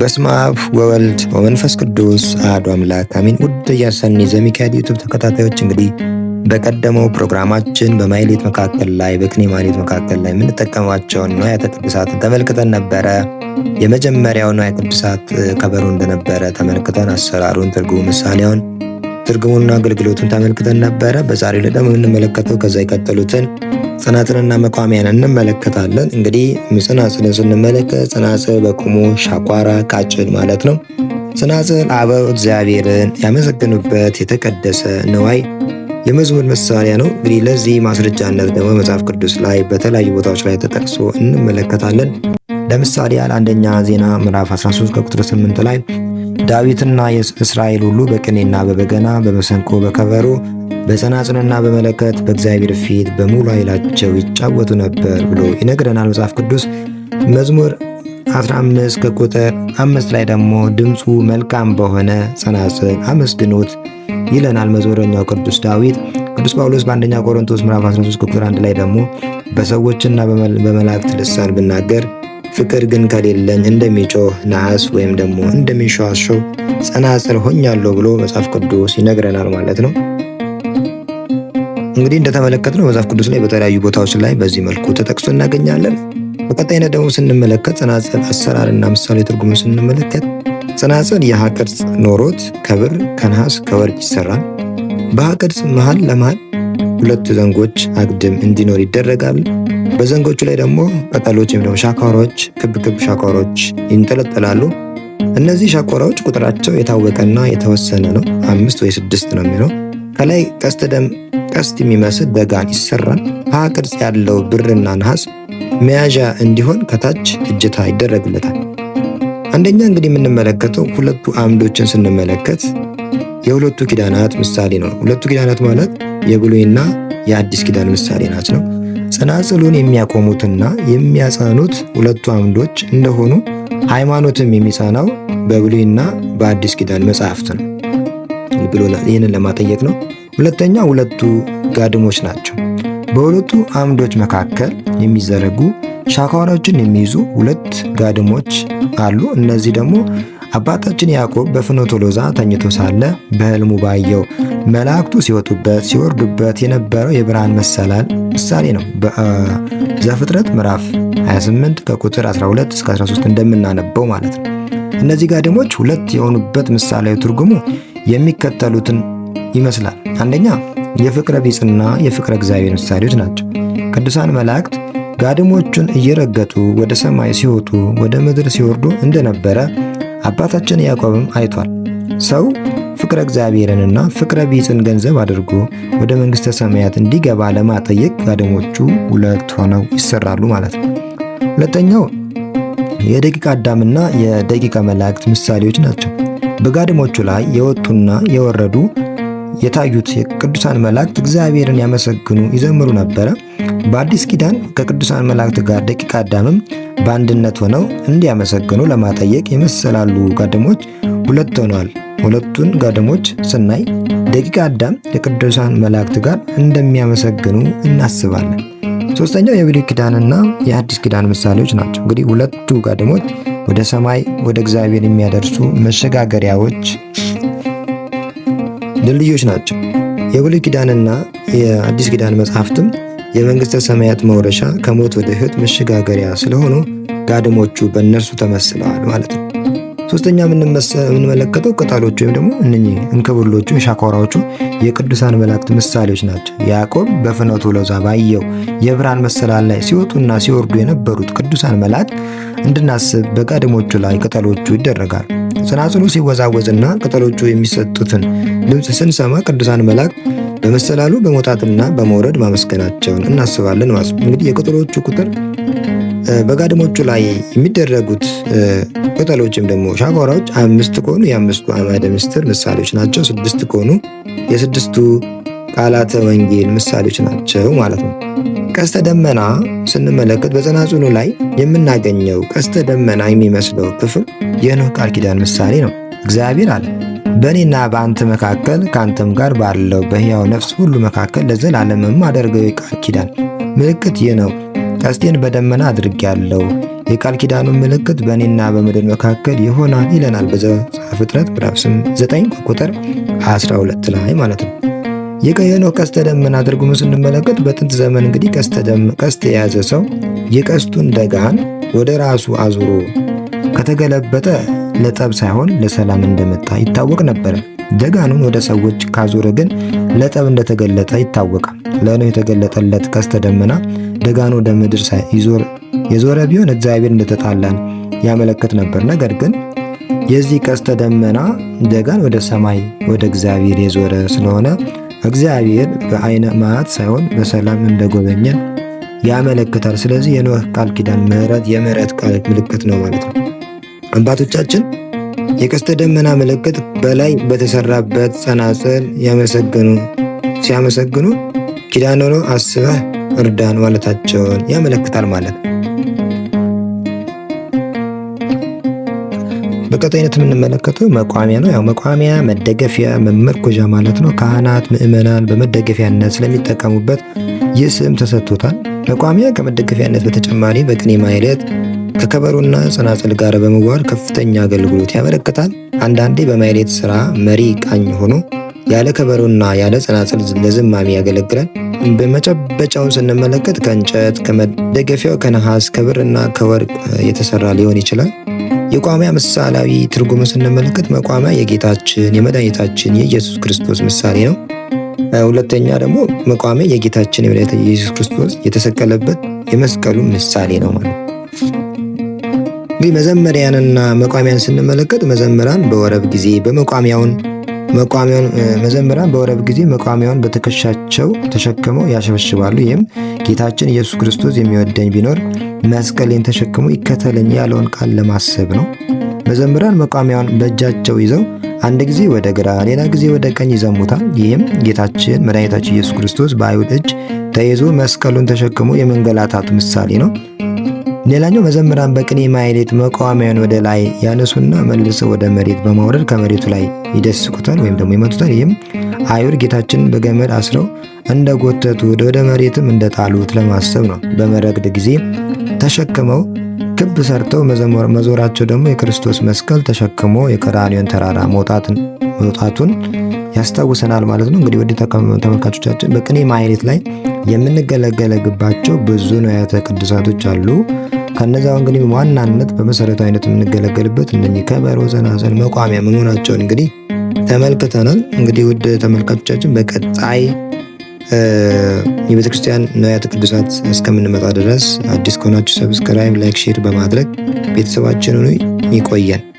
በስመ አብ ወወልድ ወመንፈስ ቅዱስ አሐዱ አምላክ አሜን። ውድ የሰኒ ዘሚካኤል ዩቱብ ተከታታዮች እንግዲህ በቀደመው ፕሮግራማችን በማሕሌት መካከል ላይ በቅኔ ማሕሌት መካከል ላይ የምንጠቀማቸውን ንዋያተ ቅድሳትን ተመልክተን ነበረ። የመጀመሪያው ንዋየ ቅድሳት ከበሮ እንደነበረ ተመልክተን አሰራሩን፣ ትርጉም፣ ምሳሌውን ትርጉሙና አገልግሎቱን ተመልክተን ነበረ። በዛሬ ላይ ደግሞ የምንመለከተው ከዛ የቀጠሉትን ጽናጽንና መቋሚያን እንመለከታለን። እንግዲህ ጽናጽንን ስንመለከት ጽናጽል በቁሙ ሻኳራ ቃጭል ማለት ነው። ጽናጽል አበው እግዚአብሔርን ያመሰግኑበት የተቀደሰ ነዋይ የመዝሙር መሳሪያ ነው። እንግዲህ ለዚህ ማስረጃነት ደግሞ መጽሐፍ ቅዱስ ላይ በተለያዩ ቦታዎች ላይ ተጠቅሶ እንመለከታለን። ለምሳሌ ያህል አንደኛ ዜና ምዕራፍ 13 ከቁጥር 8 ላይ ዳዊትና እስራኤል ሁሉ በቅኔና በበገና በመሰንቆ በከበሮ በጸናጽንና በመለከት በእግዚአብሔር ፊት በሙሉ ኃይላቸው ይጫወቱ ነበር ብሎ ይነግረናል መጽሐፍ ቅዱስ። መዝሙር 15 ከቁጥር አምስት ላይ ደግሞ ድምፁ መልካም በሆነ ጸናጽል አመስግኑት ይለናል መዝሙረኛው ቅዱስ ዳዊት። ቅዱስ ጳውሎስ በአንደኛ ቆሮንቶስ ምዕራፍ 13 ቁጥር 1 ላይ ደግሞ በሰዎችና በመላእክት ልሳን ብናገር ፍቅር ግን ከሌለኝ እንደሚጮህ ነሐስ ወይም ደግሞ እንደሚሸዋሸው ጸናጽል ሆኛለሁ ብሎ መጽሐፍ ቅዱስ ይነግረናል ማለት ነው። እንግዲህ እንደተመለከትነው መጽሐፍ ቅዱስ ላይ በተለያዩ ቦታዎች ላይ በዚህ መልኩ ተጠቅሶ እናገኛለን። በቀጣይነት ደግሞ ስንመለከት ጸናጽል አሰራርና ምሳሌ ትርጉሙ ስንመለከት ጸናጽል የሀ ቅርጽ ኖሮት ከብር ከነሐስ ከወርቅ ይሰራል። በሀ ቅርጽ መሀል ለመሀል ሁለት ዘንጎች አግድም እንዲኖር ይደረጋል። በዘንጎቹ ላይ ደግሞ ቅጠሎች ወይም ደግሞ ሻኮሮች ክብ ክብ ሻኮሮች ይንጠለጠላሉ። እነዚህ ሻካራዎች ቁጥራቸው የታወቀና የተወሰነ ነው። አምስት ወይ ስድስት ነው የሚለው። ከላይ ቀስተ ደም ቀስት የሚመስል ደጋን ይሰራል። ሀ ቅርጽ ያለው ብርና ነሐስ መያዣ እንዲሆን ከታች እጀታ ይደረግለታል። አንደኛ እንግዲህ የምንመለከተው ሁለቱ አምዶችን ስንመለከት የሁለቱ ኪዳናት ምሳሌ ነው። ሁለቱ ኪዳናት ማለት የብሉይና የአዲስ ኪዳን ምሳሌ ናት ነው ጽናጽሉን የሚያቆሙትና የሚያጸኑት ሁለቱ አምዶች እንደሆኑ ሃይማኖትም የሚጸናው በብሉይና በአዲስ ኪዳን መጽሐፍት ነው ብሎ ይህንን ለማጠየቅ ነው። ሁለተኛ ሁለቱ ጋድሞች ናቸው። በሁለቱ አምዶች መካከል የሚዘረጉ ሻካራዎችን የሚይዙ ሁለት ጋድሞች አሉ። እነዚህ ደግሞ አባታችን ያዕቆብ በፍኖተ ሎዛ ተኝቶ ሳለ በሕልሙ ባየው መላእክቱ ሲወጡበት ሲወርዱበት የነበረው የብርሃን መሰላል ምሳሌ ነው። ዘፍጥረት ምዕራፍ 28 ከቁጥር 12 እስከ 13 እንደምናነበው ማለት ነው። እነዚህ ጋድሞች ሁለት የሆኑበት ምሳሌያዊ ትርጉሙ የሚከተሉትን ይመስላል። አንደኛ የፍቅረ ቢጽና የፍቅረ እግዚአብሔር ምሳሌዎች ናቸው። ቅዱሳን መላእክት ጋድሞቹን እየረገጡ ወደ ሰማይ ሲወጡ፣ ወደ ምድር ሲወርዱ እንደነበረ አባታችን ያዕቆብም አይቷል። ሰው ፍቅረ እግዚአብሔርንና ፍቅረ ቢጽን ገንዘብ አድርጎ ወደ መንግሥተ ሰማያት እንዲገባ ለማጠየቅ ጋደሞቹ ሁለት ሆነው ይሰራሉ ማለት ነው። ሁለተኛው የደቂቀ አዳምና የደቂቀ መላእክት ምሳሌዎች ናቸው። በጋደሞቹ ላይ የወጡና የወረዱ የታዩት የቅዱሳን መላእክት እግዚአብሔርን ያመሰግኑ ይዘምሩ ነበረ። በአዲስ ኪዳን ከቅዱሳን መላእክት ጋር ደቂቀ አዳምም በአንድነት ሆነው እንዲያመሰግኑ ለማጠየቅ የመሰላሉ ጋደሞች ሁለት ሆነዋል። ሁለቱን ጋደሞች ስናይ ደቂቀ አዳም የቅዱሳን መላእክት ጋር እንደሚያመሰግኑ እናስባለን። ሶስተኛው የብሉይ ኪዳንና የአዲስ ኪዳን ምሳሌዎች ናቸው። እንግዲህ ሁለቱ ጋደሞች ወደ ሰማይ ወደ እግዚአብሔር የሚያደርሱ መሸጋገሪያዎች ድልድዮች ናቸው። የብሉይ ኪዳንና የአዲስ ኪዳን መጽሐፍትም የመንግሥተ ሰማያት መውረሻ ከሞት ወደ ሕይወት መሸጋገሪያ ስለሆኑ ጋድሞቹ በእነርሱ ተመስለዋል ማለት ነው። ሶስተኛ የምንመለከተው ቅጠሎች ወይም ደግሞ እነኚህ እንክብሎቹ ሻኮራዎቹ የቅዱሳን መላእክት ምሳሌዎች ናቸው። ያዕቆብ በፍነቱ ለዛ ባየው የብርሃን መሰላል ላይ ሲወጡና ሲወርዱ የነበሩት ቅዱሳን መላእክት እንድናስብ በቀድሞቹ ላይ ቅጠሎቹ ይደረጋል። ጽናጽሉ ሲወዛወዝና ቅጠሎቹ የሚሰጡትን ድምፅ ስንሰማ ቅዱሳን መላእክት በመሰላሉ በመውጣትና በመውረድ ማመስገናቸውን እናስባለን ማለት ነው። እንግዲህ የቅጠሎቹ ቁጥር በጋድሞቹ ላይ የሚደረጉት ቅጠሎችም ደግሞ ሻጓራዎች አምስት ከሆኑ የአምስቱ አዕማደ ምስጢር ምሳሌዎች ናቸው። ስድስት ከሆኑ የስድስቱ ቃላተ ወንጌል ምሳሌዎች ናቸው ማለት ነው። ቀስተ ደመና ስንመለከት በጸናጽሉ ላይ የምናገኘው ቀስተ ደመና የሚመስለው ክፍል የኖህ ቃል ኪዳን ምሳሌ ነው። እግዚአብሔር አለ በእኔና በአንተ መካከል ከአንተም ጋር ባለው በሕያው ነፍስ ሁሉ መካከል ለዘላለምም አደርገው የቃል ኪዳን ምልክት ይህ ነው ቀስቴን በደመና ያለው የቃል ኪዳኑን ምልክት በእኔና በምድር መካከል ይሆናል ይለናል በዘፍጥረት ምዕራፍ 9 ቁጥር 12 ላይ ማለት ነው። የቀየነው ቀስተ ደመና ትርጉሙ ስንመለከት በጥንት ዘመን እንግዲህ ቀስት የያዘ ሰው የቀስቱን ደጋን ወደ ራሱ አዙሮ ከተገለበጠ ለጠብ ሳይሆን ለሰላም እንደመጣ ይታወቅ ነበር። ደጋኑን ወደ ሰዎች ካዞረ ግን ለጠብ እንደተገለጠ ይታወቃል። ለኖህ የተገለጠለት ቀስተ ደመና ደጋኑ ወደ ምድር ይዞር የዞረ ቢሆን እግዚአብሔር እንደተጣላን ያመለክት ነበር። ነገር ግን የዚህ ቀስተ ደመና ደጋን ወደ ሰማይ ወደ እግዚአብሔር የዞረ ስለሆነ እግዚአብሔር በአይነ መዓት ሳይሆን በሰላም እንደጎበኘን ያመለክታል። ስለዚህ የኖህ ቃል ኪዳን ምሕረት የምሕረት ቃል ምልክት ነው ማለት ነው። አባቶቻችን የቀስተ ደመና ምልክት በላይ በተሰራበት ጸናጽል ያመሰግኑ ሲያመሰግኑ ኪዳን ሆኖ አስበህ እርዳን ማለታቸውን ያመለክታል ማለት ነው። በቀጣይነት የምንመለከተው መቋሚያ ነው። ያው መቋሚያ መደገፊያ፣ መመርኮዣ ማለት ነው። ካህናት ምእመናን በመደገፊያነት ስለሚጠቀሙበት ይህ ስም ተሰጥቶታል። መቋሚያ ከመደገፊያነት በተጨማሪ በቅኔ ማኅሌት ከከበሮና ጽናጽል ጋር በመዋል ከፍተኛ አገልግሎት ያበረክታል። አንዳንዴ በማይሌት ሥራ መሪ ቃኝ ሆኖ ያለ ከበሮና ያለ ጽናጽል ለዝማሜ ያገለግላል። በመጨበጫውን ስንመለከት ከእንጨት ከመደገፊያው ከነሐስ ከብርና ከወርቅ የተሰራ ሊሆን ይችላል። የቋሚያ ምሳሌያዊ ትርጉም ስንመለከት መቋሚያ የጌታችን የመድኃኒታችን የኢየሱስ ክርስቶስ ምሳሌ ነው። ሁለተኛ ደግሞ መቋሚያ የጌታችን የመድኃኒታችን የኢየሱስ ክርስቶስ የተሰቀለበት የመስቀሉ ምሳሌ ነው ማለት እንግዲህ መዘመሪያንና መቋሚያን ስንመለከት መዘምራን በወረብ ጊዜ በመቋሚያውን መቋሚያውን መዘምራን በወረብ ጊዜ መቋሚያውን በትከሻቸው ተሸክመው ያሸበሽባሉ። ይህም ጌታችን ኢየሱስ ክርስቶስ የሚወደኝ ቢኖር መስቀሌን ተሸክሞ ይከተለኝ ያለውን ቃል ለማሰብ ነው። መዘምራን መቋሚያውን በእጃቸው ይዘው አንድ ጊዜ ወደ ግራ፣ ሌላ ጊዜ ወደ ቀኝ ይዘሙታል። ይህም ጌታችን መድኃኒታችን ኢየሱስ ክርስቶስ በአይሁድ እጅ ተይዞ መስቀሉን ተሸክሞ የመንገላታቱ ምሳሌ ነው። ሌላኛው መዘምራን በቅኔ ማኅሌት መቋሚያን ወደ ላይ ያነሱና መልሰው ወደ መሬት በማውረድ ከመሬቱ ላይ ይደስቁታል ወይም ደግሞ ይመቱታል። ይህም አይሁድ ጌታችን በገመድ አስረው እንደጎተቱ ወደ መሬትም እንደጣሉት ለማሰብ ነው። በመረግድ ጊዜ ተሸክመው ክብ ሰርተው መዞራቸው ደግሞ የክርስቶስ መስቀል ተሸክሞ የቀራንዮን ተራራ መውጣቱን ያስታውሰናል ማለት ነው። እንግዲህ ወደ ተመልካቾቻችን በቅኔ ማኅሌት ላይ የምንገለገለግባቸው ብዙ ንዋያተ ቅዱሳቶች አሉ። ከነዛው እንግዲህ ዋናነት በመሰረቱ አይነት የምንገለገልበት እነኚህ ከበሮ፣ ዘናዘን፣ መቋሚያ መሆናቸውን እንግዲህ ተመልክተናል። እንግዲህ ውድ ተመልካቾቻችን በቀጣይ የቤተክርስቲያን ንዋያተ ቅዱሳት እስከምንመጣ ድረስ አዲስ ከሆናችሁ ሰብስክራይብ፣ ላይክ፣ ሼር በማድረግ ቤተሰባችንን ይቆየን።